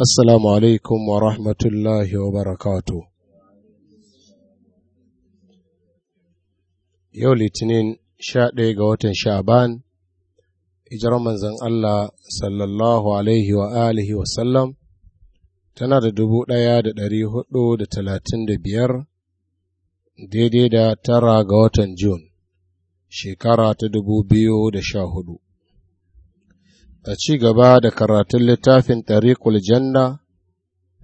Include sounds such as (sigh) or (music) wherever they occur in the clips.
Assalamu alaikum wa rahmatullahi wa barakatu. Yau Litinin sha ɗaya ga watan Sha'ban, ijar manzan Allah sallallahu alaihi wa alihi wa sallam tana da dubu ɗaya da ɗari hudu da talatin da biyar daidai da tara ga watan Jun, shekara ta dubu biyu da sha hudu. a ci gaba da karatun littafin tariqul janna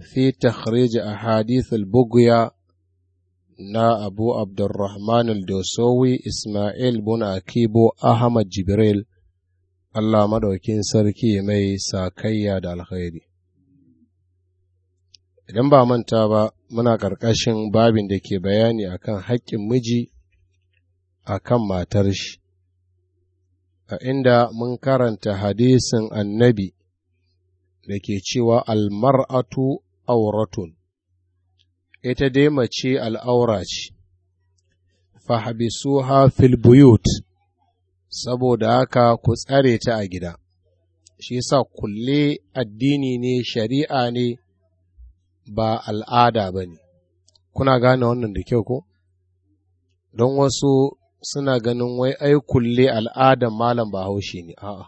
fi takhrij ahadith al buguya na Abu Abdurrahman al-Dosowi Ismail bin Akibo Ahmad Jibril Allah madaukin sarki mai sakayya da alkhairi idan ba manta ba muna ƙarƙashin babin da ke bayani akan haƙƙin miji akan matar shi a inda mun karanta hadisin annabi da ke cewa almar'atu auratun, ita dai mace al'aura ce, fahabisuha fil buyut, saboda haka ku tsare ta a gida, shi sa kulle addini ne shari'a ne ba al'ada ba ne, kuna gane wannan da kyau ko? Don wasu suna ganin wai ai kulle al'adar malam bahaushe ne a'a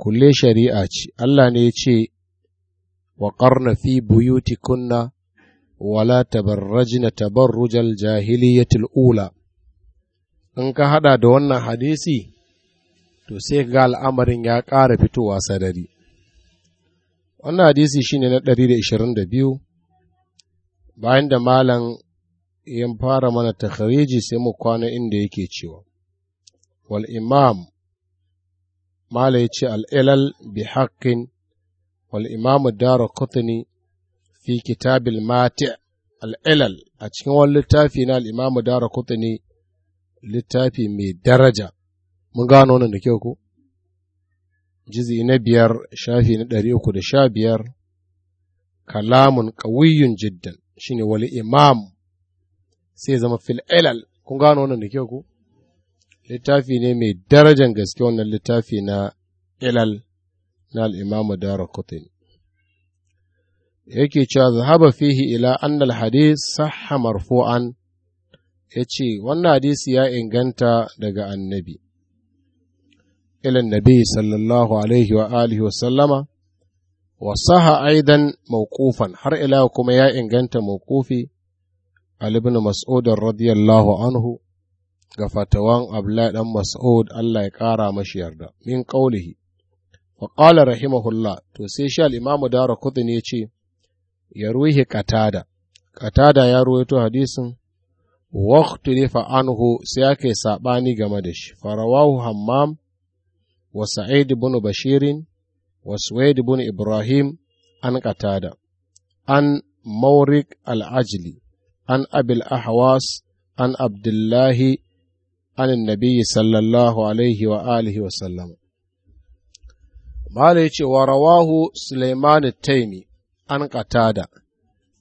kulle shari'a ce Allah ne ya ce wa ƙarna fi kunna, wala tabarrajna tabarrujal jahiliyatil ula in ka haɗa da wannan hadisi to sai ga al'amarin ya ƙara fitowa sadari. wannan hadisi shine na 122 bayan da malam yan fara mana takhariji sai mu kwana inda yake cewa wal imam mala ya al ilal bi haqqin wal imam kutuni fi kitab al mati al ilal a cikin wani littafi na al imam kutuni littafi mai daraja mun gano wannan da kyau ko jizi na biyar shafi na ɗari uku da sha biyar kalamun ƙawiyun jiddan shine wal imam sai zama ilal kun gano wannan da kyau ku littafi ne mai darajan gaske wannan littafi na ilal na al'imamu dara kutin yake cewa zahaba fihi ila annal hadis sahha marfu'an ya ce wannan hadisi ya inganta daga annabi ilan nabi sallallahu alaihi wa alihi wa sallama wa saha aidan mawqufan har ila kuma ya inganta mawqufi ibn Mas'ud radiyallahu anhu ga fatawan Abdullahi dan Mas'ud Allah ya kara mashi yarda min qawlihi wa qala rahimahullah to sai shi al-Imam Darqutni ne ce ya ruhi katada katada ya ruwaito hadisin waqtu fa anhu sai yake sabani game da shi farawahu hammam wa sa'id ibn bashir wa suwaid ibn ibrahim an katada an maurik al-ajli an abil ahwas an abdullahi an annabi sallallahu alaihi wa alihi wa sallam mala yace wa rawahu sulaiman taimi an qatada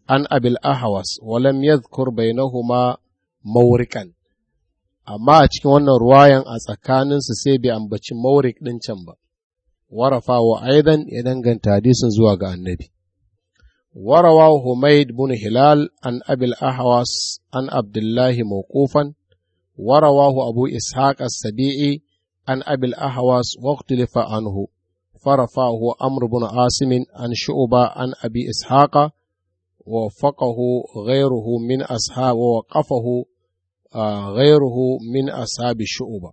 an abil ahwas wa lam yadhkur bainahuma mawrikan amma a cikin wannan ruwayan a tsakaninsu sai bai ambaci maurik ɗin can ba warafa wa aidan ya danganta hadisin zuwa ga annabi وروى حميد بن هلال عن أبي الأحواس عن عبد الله موقوفا ورواه أبو إسحاق السبيعي عن أبي الأحواس واختلف عنه فرفعه أمر بن عاصم عن شعبة عن أبي إسحاق ووفقه غيره من أصحاب ووقفه غيره من أصحاب شعبة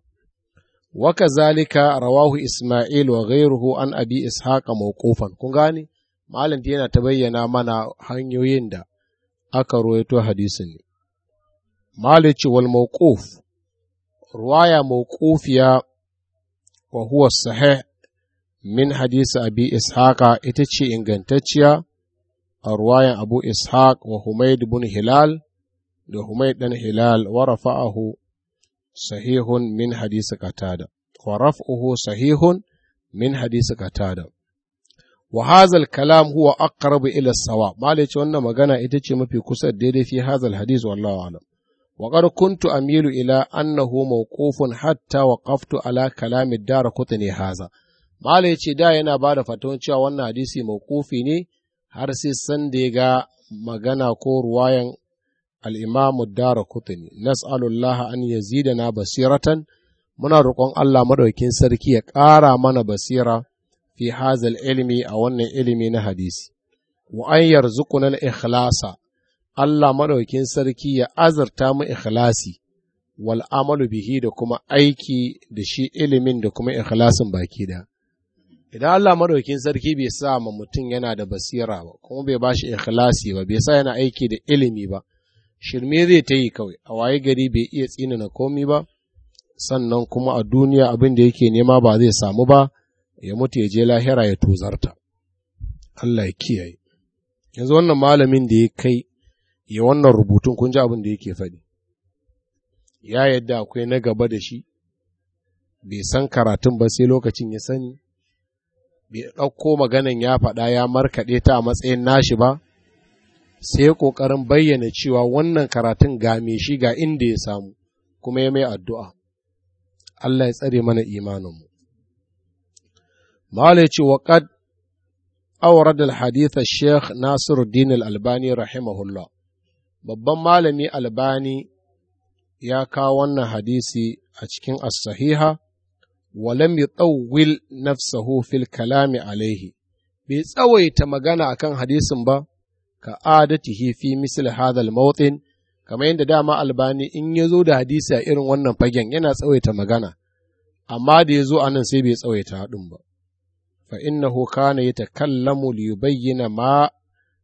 وكذلك رواه إسماعيل وغيره عن أبي إسحاق موقوفا كنغاني malam yana ta bayyana mana hanyoyin da aka ruwaito hadisin ne malici ce wal mawquf ruwaya mawqufiya wa huwa sahih min hadisi abi ishaqa ita ce ingantacciya a ruwayan abu ishaq wa humaid bin hilal da humaid dan hilal wa rafa'ahu sahihun min hadisi qatada wa raf'uhu sahihun min hadisi qatada wa hazal kalam huwa aqrabu ila sawa mala ce wannan magana ita ce mafi kusa daidai fi hazal hadis wallahu alam wa qad kuntu amilu ila annahu mawqufun hatta waqaftu ala kalam ad-dar kutni haza mala ce da yana bada fatawan cewa wannan hadisi mawqufi ne har sai san da ya ga magana ko ruwayan al-imam ad-dar nas'alu allaha an yazidana basiratan muna roƙon Allah madaukin sarki ya ƙara mana basira fi hazal ilmi a wannan ilimi na hadisi wa an ikhlasa Allah madaukin sarki ya azurta mu ikhlasi wal amalu bihi da kuma aiki da shi ilimin da kuma ikhlasin baki da idan Allah madaukin sarki bai sa ma mutum yana da basira ba kuma bai ba shi ikhlasi ba bai sa yana aiki da ilimi ba shirme zai ta yi kawai a waye gari bai iya tsina tsinina komi ba sannan kuma a duniya abin da yake nema ba zai samu ba ya mutu ya je lahira ya tozarta Allah ya kiyaye yanzu wannan malamin da ya kai ya wannan rubutun kun ji abin da yake faɗi ya yadda akwai na gaba da shi bai san karatun ba sai lokacin ya sani bai ɗauko maganan ya faɗa ya markaɗe ta a matsayin nashi ba sai ƙoƙarin bayyana cewa wannan karatun ga me shi ga inda ya samu kuma ya mai addu'a Allah ya tsare mana imaninmu Mala ya ce wa kad awrad al Sheikh Nasiruddin Al-Albani rahimahullah. Babban malami Albani ya kawo wannan hadisi a cikin as-sahiha wa lam yutawwil nafsahu fil kalami alaihi. Bai tsawaita magana akan hadisin ba ka adatihi fi misl hadha mawtin kamar yadda dama albani in ya zo da hadisi a irin wannan fagen yana tsawaita magana amma da ya zo a nan sai bai tsawaita haɗin ba fa innahu kana yatakallamu li yubayyana ma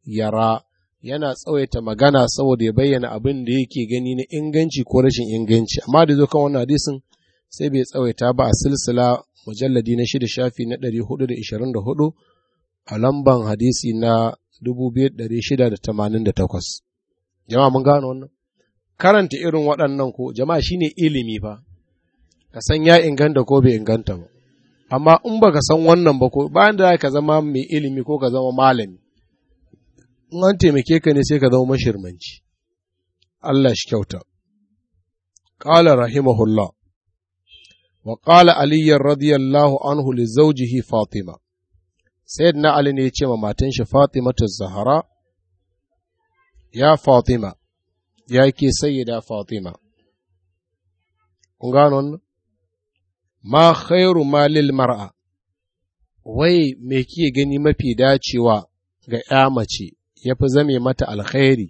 yara yana tsawaita magana saboda ya bayyana abin da yake gani na inganci ko rashin inganci amma da zo kan wannan hadisin sai bai tsawaita ba a silsila mujalladi na shida shafi na 424 a lamban hadisi na 2688 jama'a mun gano wannan karanta irin waɗannan ko jama'a shine ilimi fa ka san ya inganta ko bai inganta ba amma in ba ka san wannan ba ko bayan da ka zama mai ilimi ko ka zama malami in an taimake ka ne sai ka zama mashirmanci Allah shi kyauta qala rahimahullah wa qala ali radiyallahu anhu li zawjihi fatima sayyidina ali ne ya ce ma matan shi fatima ta zahara ya fatima ya ke sayyida fatima kun gano wannan ma khairu malil mar'a, wai me kike gani mafi dacewa ga ‘ya mace ya fi zame mata alkhairi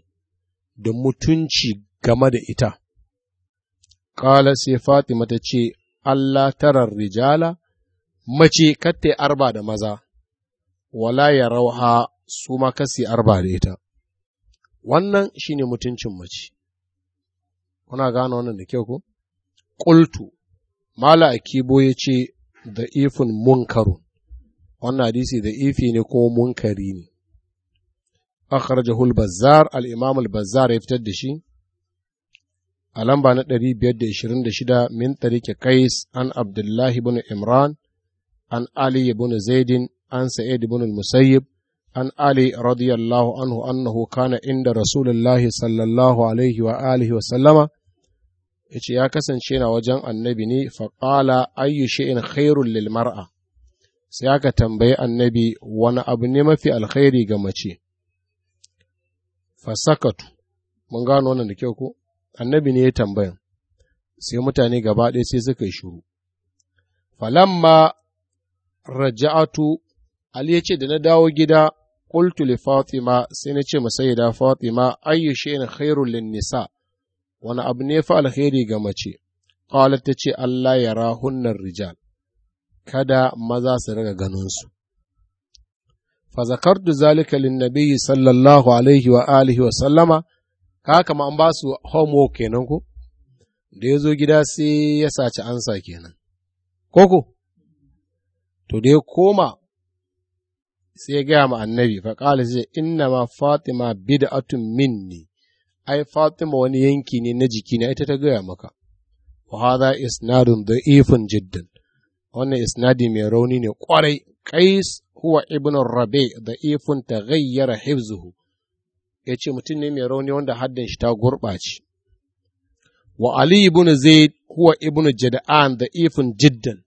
da mutunci game da ita. Kala sai Fatima ta ce, Allah tarar rijala, mace katte arba da maza, wala ya rauha su ma kasi arba da ita. Wannan shine mutuncin mace. Kuna gane wannan da kyau ko? Ƙultu mala Kibo ya ce da ifin munkaru wannan hadisi da ifi ne ko munkari ne akar Jahul bazzar al bazzar ya fitar da shi a lamba na 526 min ke kais an abdullahi bin imran an ali bin zaidin an sa'id bin al-musayyib an ali radiyallahu anhu annahu kana inda rasulullahi sallallahu alaihi wa alihi wa sallama ya ya kasance na wajen annabi ne faƙala ayyu shay'in khairul lil mar'a sai aka tambayi annabi wani abu ne mafi alkhairi ga mace fasakatu mun gano wannan da kyau ko annabi ne ya tambayan sai mutane gaba ɗaya sai suka yi shuru falamma raja'atu ali yace da na dawo gida qultu li fatima sai na ce ma sayyida fatima ayyu shay'in khairul lin nisa wani abu ne fa alheri ga mace qalat ta ce Allah ya rahunan rijal kada maza su riga ganin su fazakar zakartu zalikalin nabi sallallahu alaihi wa alihi wa sallama ka kama an ba su homework kenan ko da ya zo gida sai ya saci ansa kenan koko to da koma sai gaya ma annabi fa qala sai inna ma fatima bid'atun minni ai Fatima wani yanki ne na jiki na ita ta gaya maka wa hadha isnadun da'ifun jiddan wannan isnadi mai rauni ne kwarai qais huwa ibn rabi da'ifun taghayyara hifzuhu yace mutum ne mai rauni wanda haddan shi ta gurɓace. wa ali ibn zaid huwa ibn jada'an da'ifun jiddan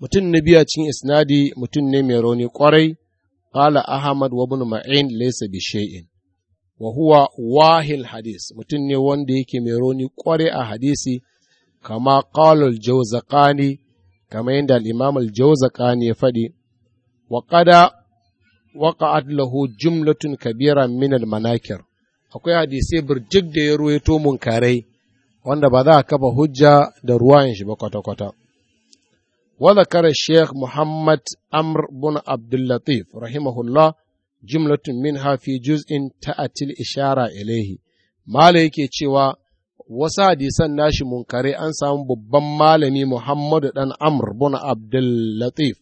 mutum na biya cikin isnadi mutum ne mai rauni kwarai qala ahmad wa ibn ma'in laysa bi shay'in wa huwa wahil hadis mutum ne wanda yake mai rauni kware a hadisi kama qalul jawzaqani kama yadda al-imam al-jawzaqani ya faɗi wa qada waqa'at lahu jumlatun kabira min al-manakir akwai hadisai birjik da ya ruwaito munkarai wanda ba za a kafa hujja da ruwayan shi ba kwata-kwata wa zakara sheikh muhammad amr bin abdullatif rahimahullah jumlatun min hafi juz'in ta'atil ishara ilaihi mala yake cewa wasu hadisan nashi munkare an samu babban malami Muhammadu dan Amr bin Abdul Latif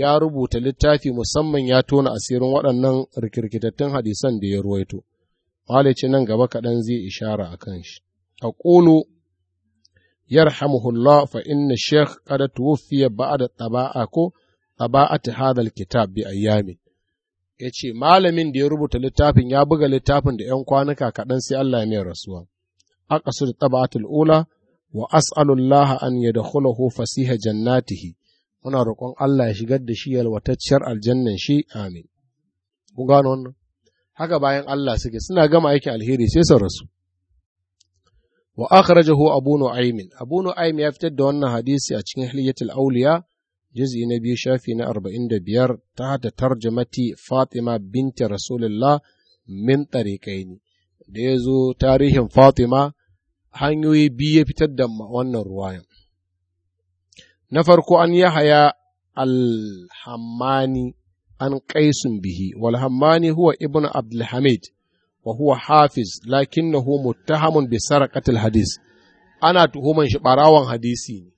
ya rubuta littafi musamman ya tona asirin waɗannan rikirkitattun hadisan da ya ruwaito. ce nan gaba kaɗan zai ishara a kan shi. A yarhamuhullah fa inna sheikh kada tuwfiya ba da taba'a ko taba'ati hadal kitab bi ayyamin ya ce malamin da ya rubuta littafin ya buga littafin da ‘yan kwanuka kaɗan sai Allah mai rasuwa. Akasu da taba ula wa as'alullaha an ya da fasiha jannatihi, muna roƙon Allah ya shigar da shi yalwatacciyar aljannan shi amin. Ku gano wannan? Haka bayan Allah suke suna gama aikin alheri sai su rasu. Wa akhrajahu Abu aimin Abu Nu'aym ya fitar da wannan hadisi a cikin Hilyatul Auliya juz'i na biyu shafi na arba'in da biyar ta hada tarjamati Fatima binta Rasulullah min ne da ya zo tarihin Fatima hanyoyi biyu ya fitar da wannan ruwayan. Na farko an yahaya alhammani an kaisun bihi, walhammani huwa ibn Abdulhamid wa huwa hafiz lakinnahu muttahamun bi sarqatil hadis ana tuhuman shi barawan hadisi ne.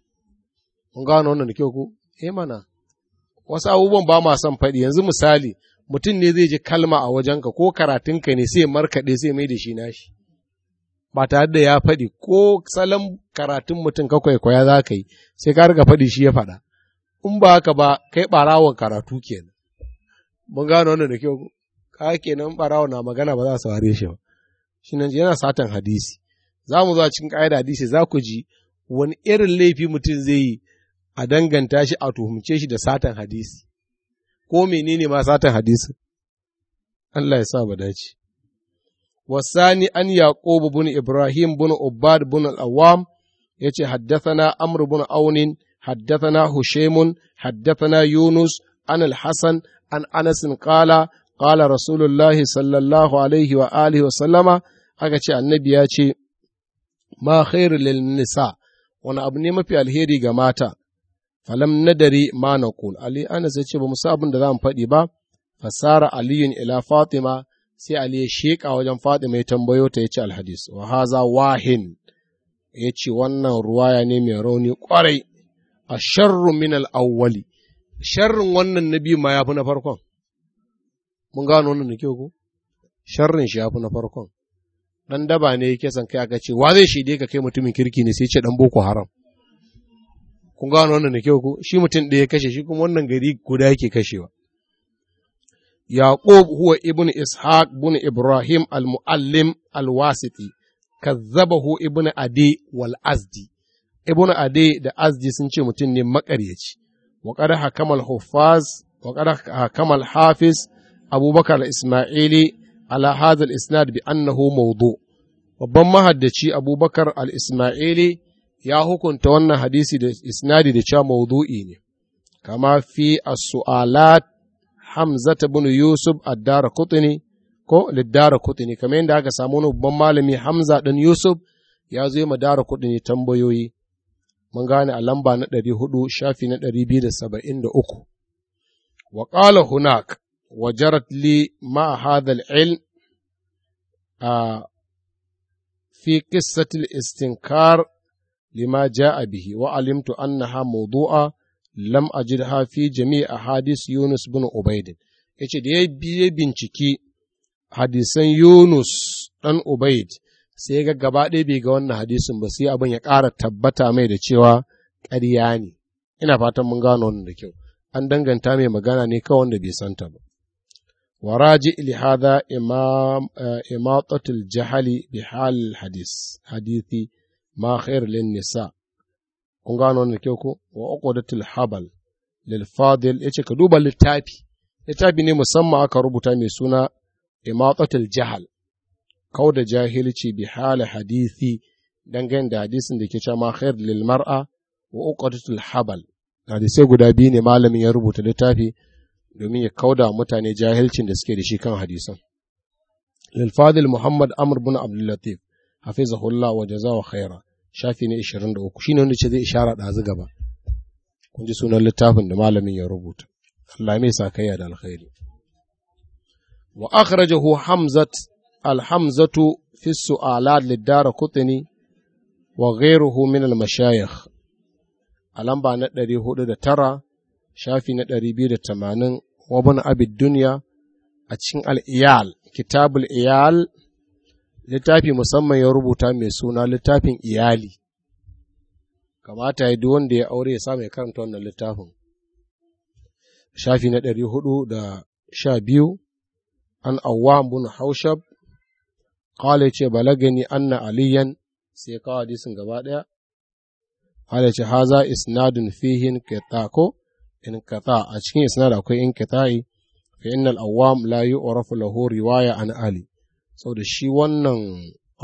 Mun wannan da kyau ku. E mana wasu abubuwan ba ma son faɗi yanzu misali mutum ne zai ji kalma a wajenka ko karatunka ne sai markaɗe sai mai da shi nashi ba tare da ya faɗi ko salon karatun mutum ka kwaikwaya za ka yi sai ka riga faɗi shi ya faɗa in ba haka ba kai ɓarawon karatu kenan mun gano wannan da kyau ka kenan ɓarawon na magana ba za su ware shi ba shi nan yana satan hadisi za mu zuwa cikin ƙa'ida hadisi za ku ji wani irin laifi mutum zai yi a danganta shi a tuhumce shi da satan hadisi, ko menene ma satan hadisi? Allah ya sa ba dace. Wasani an Yaƙubu bin Ibrahim bin Ubad bin Al'awam ya ce, Haddathana Amr bin Aunin, haddathana Hushemun, haddathana Yunus, an al-Hassan, an Anasin ƙala, ƙala Rasulullah sallallahu alaihi wa alihi wa sallama, aka ce annabi ya ce, Ma khairu lil nisa, wani abu ne mafi alheri ga mata, falam nadari ma naqul ali anas ya ce ba mu sa abin da za mu faɗi ba fasara aliyun ila fatima sai ali ya sheka wajen fatima ya tambayo ta yace alhadis wa haza wahin yace wannan ruwaya ne mai rauni kwarai a sharru min al-awwali sharrin wannan nabi ma yafi na farkon mun gano wannan nake ko sharrin shi yafi na farkon dan daba ne yake san kai aka ce wa zai shide ka kai mutumin kirki ne sai ce dan boko haram kun gano wannan da kyau ko shi mutum ɗaya kashe shi kuma wannan gari guda yake kashewa yaqub huwa ibn ishaq ibn ibrahim al-muallim al-wasiti kazzabahu ibn adi wal azdi ibn adi da azdi sun ce mutum ne makaryaci wa qad hakama al-huffaz wa qad hakama hafiz abubakar al-isma'ili ala hadha al-isnad bi annahu mawdu' babban mahaddaci abubakar al-isma'ili ya hukunta wannan hadisi da isnadi da cewa maudu’i ne kama fi as-su'alat ta bin Yusuf a ad ne ko lid ne kamar yadda aka samu wani babban malami Hamza ɗin Yusuf ya zo ma ne tambayoyi mun gane a lamba na ɗari hudu shafi na ɗari biyu uku wa ƙala hunak jarat li ma hadha al a fi qissati al-istinkar lima a bihi wa alimtu annaha mawdu'a lam ajidha fi jami' Yunus bin Ubayd yace da ya biye binciki hadisan Yunus dan ubaid sai ga gaba ɗaya bai ga wannan hadisin ba sai abin ya kara tabbata mai da cewa karya ne ina fatan mun gano wannan da kyau an danganta mai magana ne kawanda wanda bai santa ba وراجع لهذا إمام إماطة الجهل بحال hadisi. ma khair lin nisa kun gano wannan kyau ko wa uqdatul habal lil fadil yace ka duba littafi littafi ne musamman aka rubuta mai suna imatatul jahal kauda jahilci bi hali hadisi dangane da hadisin da ke cewa ma khair lil mar'a wa uqdatul habal hadisai guda biyu ne malamin ya rubuta littafi domin ya kauda mutane jahilcin da suke da shi kan hadisan lil fadil muhammad amr bin abdul latif hafizahullah wa jazahu khaira shafi ne 23 shine wanda ce zai ishara dazu gaba kun ji sunan littafin da malamin ya rubuta Allah mai sakayya da alkhairi wa akhrajahu hamzat alhamzatu fi su'alat lidara kutni wa ghayruhu min almashayikh a lamba na 409 shafi na 280 wa ibn abid dunya a cikin al-iyal kitabul iyal littafi musamman ya rubuta mai suna littafin iyali kamata ya duk wanda ya aure ya samu ya karanta wannan littafin shafi na ɗari hudu da sha biyu an awa bin haushab kawai ce balagani anna aliyan sai kawo hadisin gaba ɗaya kawai ce haza isnadun fihin ko in kata a cikin isnad akwai in kita'i fa innal awwam la yu'rafu lahu riwaya an ali saboda shi wannan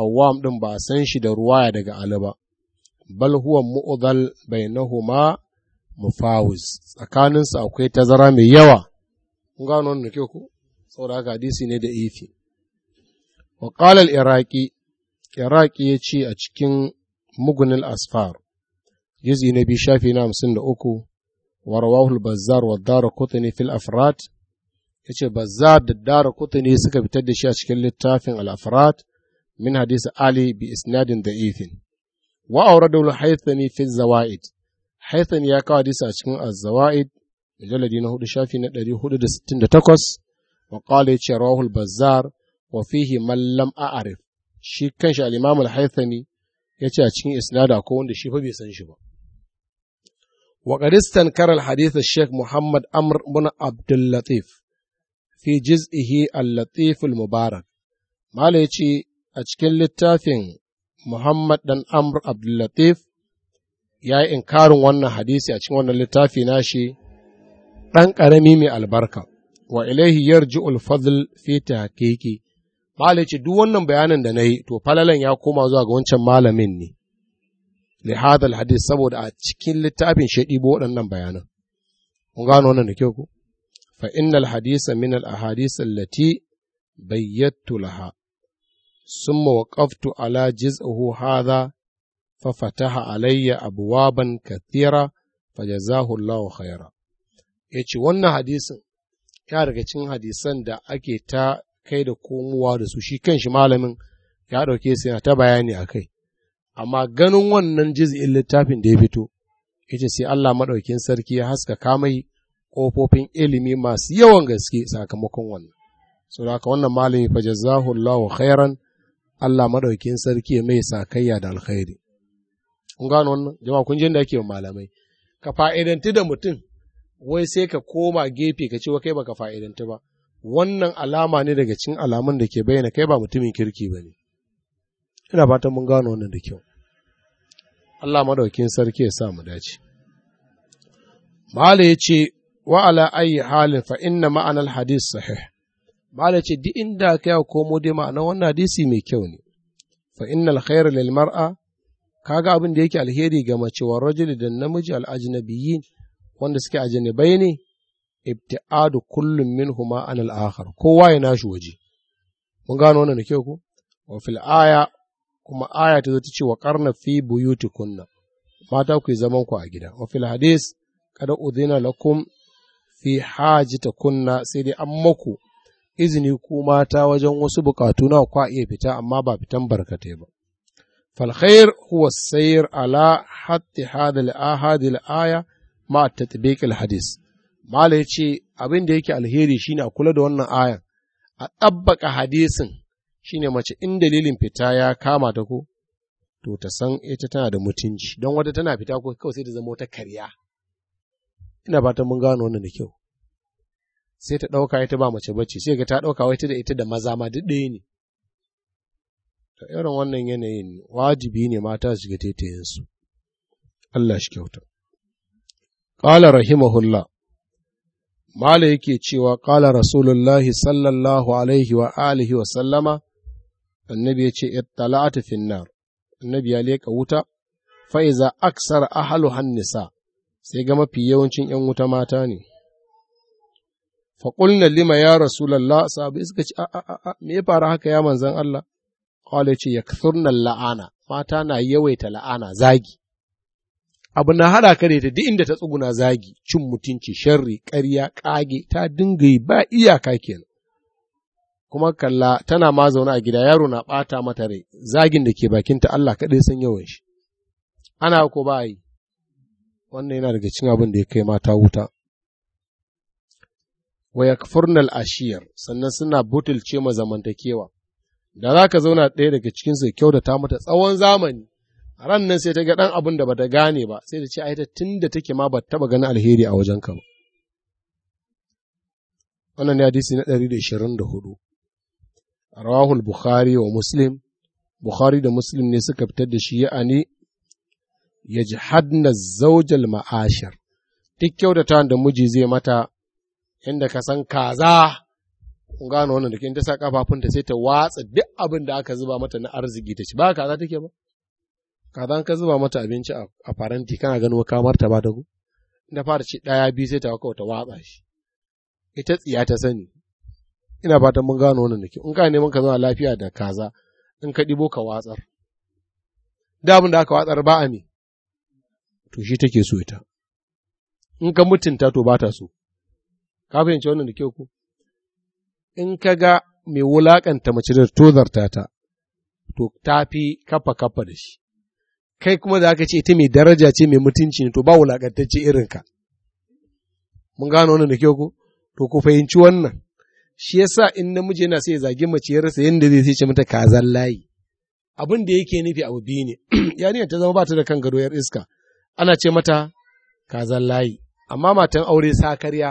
awam ɗin ba a san shi da ruwaya daga Ali ba, bal huwa mu'udal bainahuma mufawis tsakaninsu akwai tazara mai yawa, kun gano wannan kyau ku Saboda haka hadisi ne da ifi. Wa ƙalal Iraki, Iraki ya ce a cikin mugunil asfar, jizi na bi shafi na hamsin da uku, wa bazar bazzar wa dara kutani fil afrat ya ce bazzar da dara kutani suka fitar da shi a cikin littafin al'afarat min hadisi ali bi isnadin da ifin wa aure da haithami fi zawa'id haithami ya kawo hadisi a cikin zawa'id jaladi na hudu shafi na ɗari hudu da sittin da takwas wa ya ce rahul bazzar wa fihi mallam a'arif shi kanshi al'imamu al yace ya ce a cikin isnada ko wanda shi fa bai san shi ba وقد استنكر الحديث الشيخ محمد أمر بن عبد اللطيف fi jiz'ihi al mubarak mala a cikin littafin muhammad dan amr abdullatif ya yi inkarin wannan hadisi a cikin wannan littafi na nashi ɗan karami mai albarka wa ilaihi yarji'ul fadl fi tahqiqi mala duk wannan bayanin da na yi to falalan ya koma zuwa ga wancan malamin ne lihadal hadis saboda a cikin littafin shaɗi ɗibo waɗannan bayanan kun gano wannan da kyau ko. fa innal hadisa min al ahadith allati bayyattu laha summa waqaftu ala jiz'uhu hadha fa fataha alayya abwaban kathira fajazahu Allahu khaira yace wannan hadisin ya daga cikin hadisan da ake ta kai da komowa da su shi kanshi malamin ya ɗauke su yana ta bayani a kai amma ganin wannan jiz'in littafin da ya fito yace sai Allah maɗaukin sarki ya haska kamai ƙofofin ilimi masu yawan gaske sakamakon wannan so da haka wannan malami fa jazahullahu khairan Allah madaukin sarki mai sakayya da alkhairi kun gano wannan jama'a kun ji da ake malamai ka fa'idanti da mutum wai sai ka koma gefe ka ce wa kai baka fa'idanti ba wannan alama ne daga cikin alamun da ke bayyana kai ba mutumin kirki ba ne ina fatan mun gano wannan da kyau Allah madaukin sarki ya sa mu dace Malami ya ce, wa ala ayi hali fa inna ma'anar hadis sahih mala ce duk inda ka ya komo dai ma'anar wannan hadisi mai kyau ne fa innal khairu lil mar'a kaga abin da yake alheri ga mace wa rajuli da namiji al ajnabiyyin wanda suke ajnabai ne ibti'adu kullum minhuma an al akhar kowa ya nashi waje mun gano wannan da kyau ko wa fil aya kuma aya ta zo ta ce wa karna fi buyutikunna mata ku yi zaman ku a gida wa fil hadis kada udhina lakum fi ta kunna sai dai an maku izini ku mata wajen wasu bukatu na kwa iya fita amma ba fitan barkatai ba فالخير هو السير على حتى هذا ya ma مع تطبيق hadis. ما ce abin da yake alheri shine a kula da wannan ayan a ɗabbaka hadisin shine mace in dalilin fita ya kama ta ko to ta san ita tana da mutunci don wata tana fita ko kawai sai ta zama wata karya ina ba ta mun gano wannan da kyau sai ta ɗauka ita ba mace bacci sai ga ta ɗauka wai ta da ita da maza ma duk ɗaya ne to irin wannan yanayin wajibi ne mata su ga shiga su Allah shi kyauta qala rahimahullah mala yake cewa qala rasulullahi sallallahu alaihi wa alihi wa sallama annabi ya ce ittala'atu finnar annabi ya leka wuta fa iza aksar ahlu hannisa sai ga mafi yawancin ‘yan wuta mata ne. na lima ya Rasulallah, sabu suka ce, a, me ya faru haka ya manzan Allah? Kwale ce, ya kasurnan la'ana, mata na yawaita la'ana, zagi. Abu na haɗa ka ta duk inda ta tsuguna zagi, cin mutunci, sharri, ƙarya, ƙage, ta dinga yi ba iyaka kenan. Kuma kalla tana ma zaune a gida yaro na ɓata mata rai, zagin da ke bakinta Allah kaɗai san yawan shi. Ana ko ba yi. wannan yana daga cin abin da ya kai mata wuta waya yakfurnal ashiyar sannan suna butulce ma zamantakewa da za ka zauna ɗaya daga cikin su kyau da ta mata tsawon zamani ran nan sai ta ga ɗan abin da bata gane ba sai ta ce a yi ta tunda take ma ba taɓa ganin alheri a wajen ka ba wannan hadisi na da da ishirin a rawahul bukhari wa muslim bukhari da muslim ne suka fitar da shi ya'ani ya ji hadna zaujal ma'ashir, duk kyautata da miji zai mata inda ka san kaza, kun gano wannan da ta sa kafafunta sai ta watsa duk abin da aka zuba mata na arziki ta ci, ba kaza take ba? Kazan ka zuba mata abinci a faranti kana gano kamar ta ba da ku? Ina fara ci ɗaya biyu sai ta kawo ta watsa shi. Ita tsiya ta sani, ina fatan mun gano wannan da ke in ka neman ka zauna lafiya da kaza in ka ɗibo ka watsar da abin da aka watsar ba a ne to shi take so ita in ka mutunta to ba ta so ka fahimci wannan da kyau ku in ka ga mai wulaƙanta mace da tozarta ta to ta fi kafa kafa da shi kai kuma da aka ce ita mai daraja ce mai mutunci ne to ba wulaƙantacce irin ka mun gano wannan da kyau ku to ku fahimci wannan shi yasa in namiji yana sai ya zagi mace ya rasa yadda zai sai mata kazan layi abin da yake nufi abu biyu ne (clears throat) yarinyar ta zama ba ta da kan gado yar iska ana ce mata kazan layi, amma matan aure karya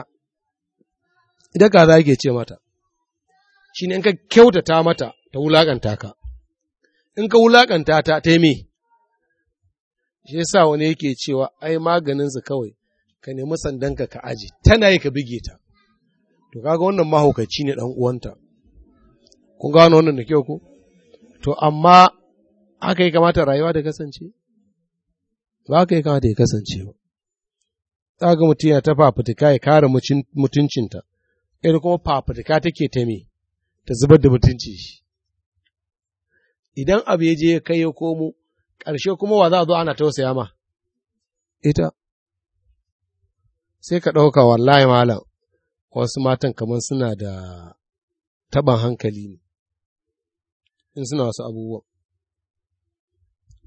idan kaza yake ce mata, shi ne in ka kyautata mata ta wulaƙanta ka, in ka wulaƙanta ta ta shi sa wani yake cewa ai maganinsu kawai ka nemi sandanka ka aji, tana yi ka bige ta, to kaga wannan mahaukaci ne ɗan uwanta, kun gano wannan da kyau ko? To amma aka yi kamata rayuwa da kasance? ba ka yi kamata ya kasance ba za ga mutum yana ta fafutuka ya kare mutuncinta ita kuma fafutuka take ta me ta zubar da mutunci shi idan abu ya je ya kai ya komo ƙarshe kuma wa za a zo ana tausaya ma ita sai ka ɗauka wallahi malam wasu matan kamar suna da taban hankali ne in suna wasu abubuwan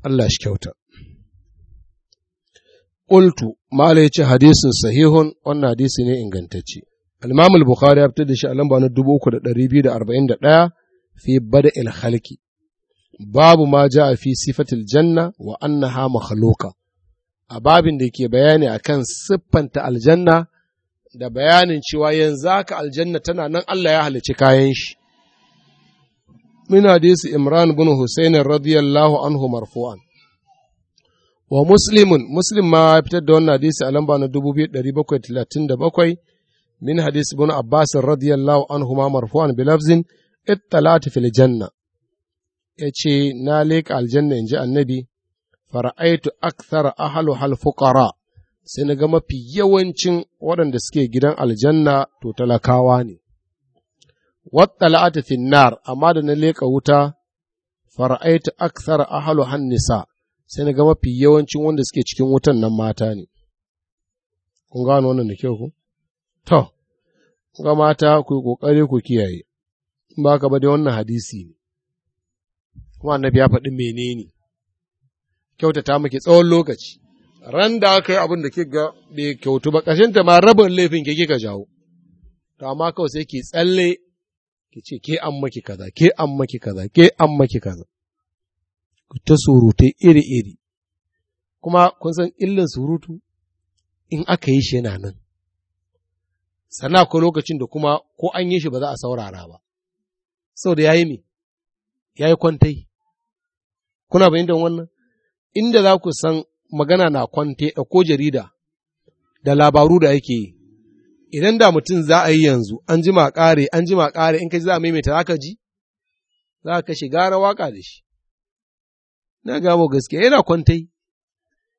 Allah shi kyauta Ƙultu, Mala ya ce hadisin sahihun wannan hadisi ne ingantacce. al bukhari ya fitar da shi a lamba na ɗaya, fi bada il Babu ma ja fi sifatil janna wa annaha makhluqa. A babin da ke bayani akan siffanta aljanna da bayanin cewa yanzu haka aljanna tana nan Allah ya halicci kayan shi. Min hadisi Imran bin Husayn radiyallahu anhu marfu'an. wa muslimun muslim ma ya fitar da wannan hadisi a lamba na 2737 min hadisi bin abbas radiyallahu anhu ma marfu'an lafzin ittalatu fil janna yace na leka aljanna inji annabi fara'aitu akthar ahlu hal fuqara sai na ga mafi yawancin waɗanda suke gidan aljanna to talakawa ne wattala'atu fin nar amma da na leka wuta fara'aitu akthar ahlu Hannisa. nisa sai na ga mafi yawancin wanda suke cikin wutan nan mata ne kun gano wannan da kyau ku to ga mata ku yi kokari ku kiyaye in ba ka ba dai wannan hadisi ne kuma annabi ya faɗi menene kyautata muke tsawon lokaci ran da aka yi abin da ke ga bai kyautu ba ƙashinta ta ma rabin laifin ke kika jawo to amma kawai sai ke tsalle ki ce ke an maki kaza ke an maki kaza ke an maki kaza ta surutai iri-iri kuma kun san illan surutu in aka yi shi yana nan sannan akwai lokacin da kuma ko an yi shi ba za a saurara ba sau da ya yi me ya yi kwantai kuna fahimtar wannan inda za ku san magana na da eh, ko jarida da labaru da yake yi idan da mutum za a yi yanzu an jima ƙare an jima ƙare in ka ji za a maimaita za ka ji za ka kashe gara waka da shi na gamo gaskiya yana kwantai,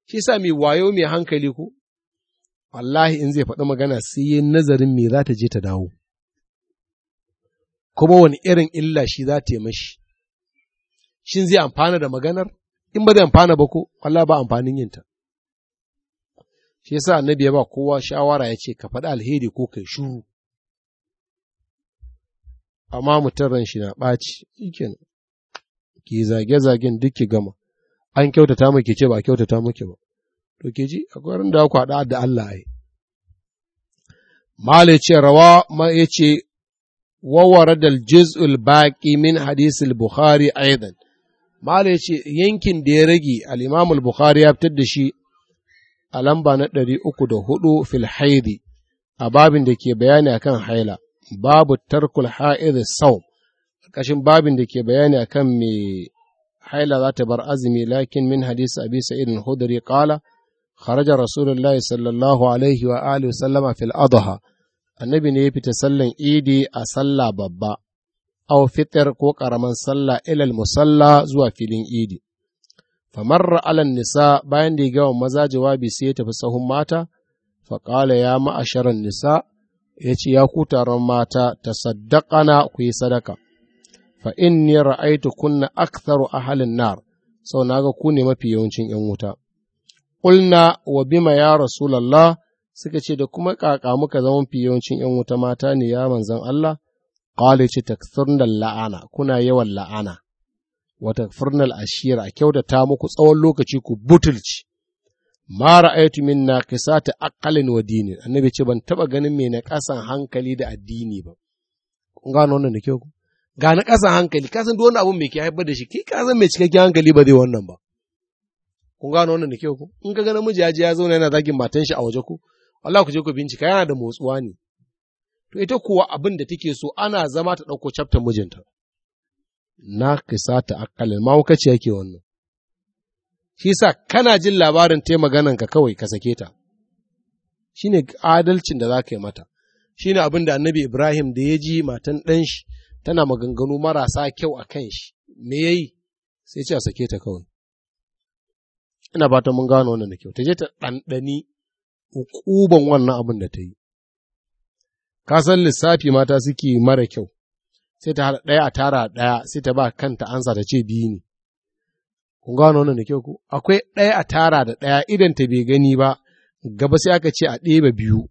shi sa mai wayo mai hankali ko, wallahi in zai faɗi magana sai yi nazarin me za ta je ta dawo, kuma wani irin illa shi za ta yi mashi, shin zai amfana da maganar, in ba zai amfana ba ko, wallahi ba amfanin yinta. Shi yasa annabi ya ba kowa shawara ya ce ka faɗi alheri ko kai shuru. amma mutum ran shi na ɓaci, shi ki zage-zagen duk ki gama an kyautata miki ce ba a kyautata muke ba to ke ji akwai ran da ku da Allah ai Mali ce rawa ma ce, wa warada al-juz'ul baqi min hadith al-bukhari aidan Mali ce, yankin da ya rage al-imam al-bukhari ya fitar da shi a lamba na 304 fil haidi a babin da ke bayani akan haila babu tarkul ha'id saum ƙashin babin da ke bayani a kan mai haila za ta bar azumi lakin min hadisi abi sa'idin hudari qala kharaja rasulullah sallallahu alaihi wa alihi sallama fil adha annabi ne ya fita sallan idi a sallah babba aw fitr ko karaman sallah ilal musalla zuwa filin idi famarra alan nisa bayan da ya gawa maza jawabi sai ya tafi sahun mata faƙala ya ma'asharan nisa ya ce ya ku taron mata ta saddakana ku yi sadaka fa inni ra'aitu kunna aktharu ahalin nar sau naga ku ne mafi yawancin ‘yan wuta. Ƙulna wa bima ya Rasulallah suka ce da kuma ƙaƙa muka zama mafi yawancin ‘yan wuta mata ne ya manzan Allah, qali ce takthurna la'ana, kuna yawan la'ana, wa al ashira a ta muku tsawon lokaci ku butulci. Ma ra'aitu min na kisata wa dini, annabi ce ban taba ganin mai na ƙasan hankali da addini ba. Kun gano wannan da kyau ga na ƙasa hankali kasan duk wani abu mai ke haifar da shi kai kasan mai cikakken hankali ba zai wannan ba kun gano wannan da kyau ku in ka ga namiji ya je ya zauna yana zagin matan shi a waje ku wallahi ku je ku bincika yana da motsuwa ne to ita kuwa abin da take so ana zama ta ɗauko chapter mijinta na kisa ta akalla ma kace yake wannan shi sa kana jin labarin ta maganan ka kawai ka sake ta shine adalcin da zaka yi mata shine abin da annabi Ibrahim da ya ji matan ɗan shi tana maganganu marasa kyau a kan shi me ya yi sai ce a sake ta kawai ina ba ta mun gano wannan da kyau ta je ta ɗanɗani hukuban wannan abin da ta yi ka san lissafi mata suke mara kyau sai ta haɗa ɗaya a tara ɗaya sai ta ba kanta ansa ta ce biyu ne kun gano wannan da kyau ku akwai ɗaya a tara da ɗaya idan ta bai gani ba gaba sai aka ce a ɗeba biyu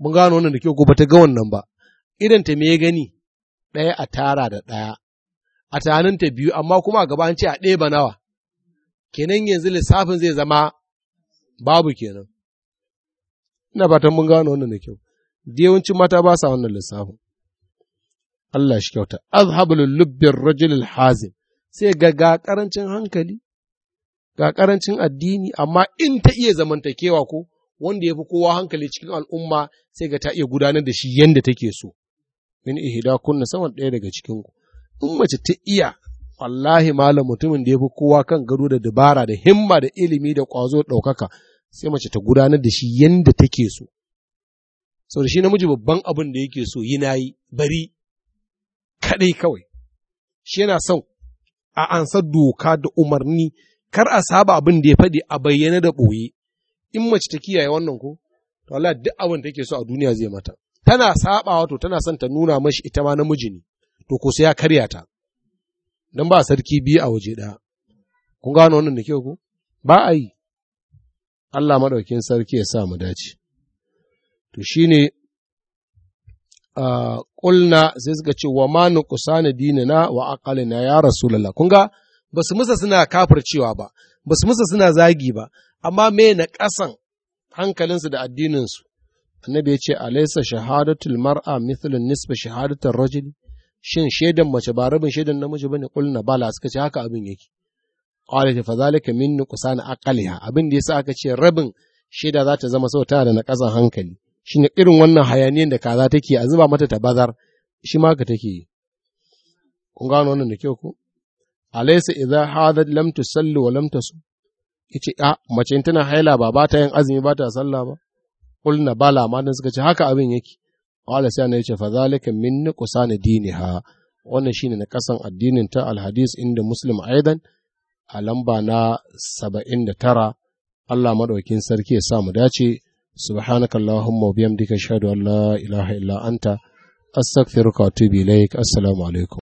mun gano wannan da kyau ko ta ga wannan ba idanta me ya gani ɗaya a tara da ɗaya, a tananta biyu amma kuma a gaba an ce a ɗeba nawa, kenan yanzu lissafin zai zama babu kenan. Ina fatan mun gano wannan da kyau, da yawancin mata ba sa wannan lissafin. Allah shi kyauta, azhabul lubbin hazim sai ga ga karancin hankali, ga karancin addini, amma in ta iya zamantakewa ko wanda ya fi kowa hankali cikin al'umma sai ga ta iya gudanar da shi yadda take so. min ihida kunna saman ɗaya daga cikin ku in mace ta iya wallahi malam mutumin da ya fi kowa kan gado da dabara da himma da ilimi da ƙwazo ɗaukaka sai mace ta gudanar da shi yanda take so sau shi namiji babban abin da yake so yi na yi bari kaɗai kawai shi yana son a ansa doka da umarni kar a saba abin da ya faɗi a bayyana da ɓoye in mace ta kiyaye wannan ko to wallahi duk abin take so a duniya zai mata tana saɓawa to tana son ta nuna mashi ita ma namiji ne to ko sai ya karya ta don ba sarki biyu a waje ɗaya kun gano wannan da kyau ku ba a yi Allah maɗaukin sarki ya sa mu dace to shine Kulna sai suka ce wa ma nuqsana dinina wa aqalina ya rasulullah kun ga basu musa suna kafircewa ba basu musa suna zagi ba amma me na kasan hankalinsu da su annabi ya ce alaisa shahadatul mar'a mithlun nisba shahadatar rajul shin shaidan mace ba rabin shaidan namiji bane qulna bala suka ce haka abin yake qala fa zalika min nuqsan aqliha abin da yasa aka ce rabin shaida za ta zama sau tana da nakasan hankali shine irin wannan hayaniyar da kaza take a zuba mata tabazar shi ma ka take kun gano wannan da kyau ko alaysa idza hadat lam tusalli wa lam tasu yace a mace tana haila ba ba ta yin azumi ba ta sallah ba Kulna bala ma dan suka ce haka abin yake. wala sai ne ya ce fa zalika min nuqsan diniha. Wannan shine na kasan addinin ta alhadis inda Muslim aidan a lamba na 79 Allah madaukin sarki ya sa mu dace. سبحانك اللهم وبحمدك اشهد ان لا ilaha illa anta, استغفرك واتوب